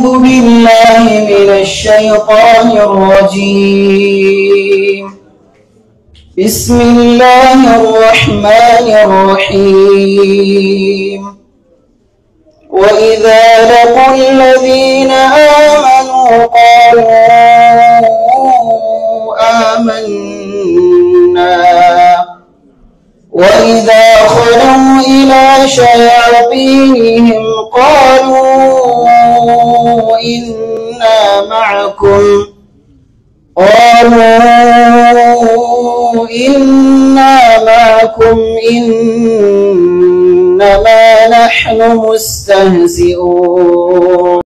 أعوذ بالله من الشيطان الرجيم بسم الله الرحمن الرحيم وإذا لقوا الذين آمنوا قالوا آمنا وإذا خلوا إلى شياطينهم قالوا وإنا معكم قالوا إنا معكم إنما نحن مستهزئون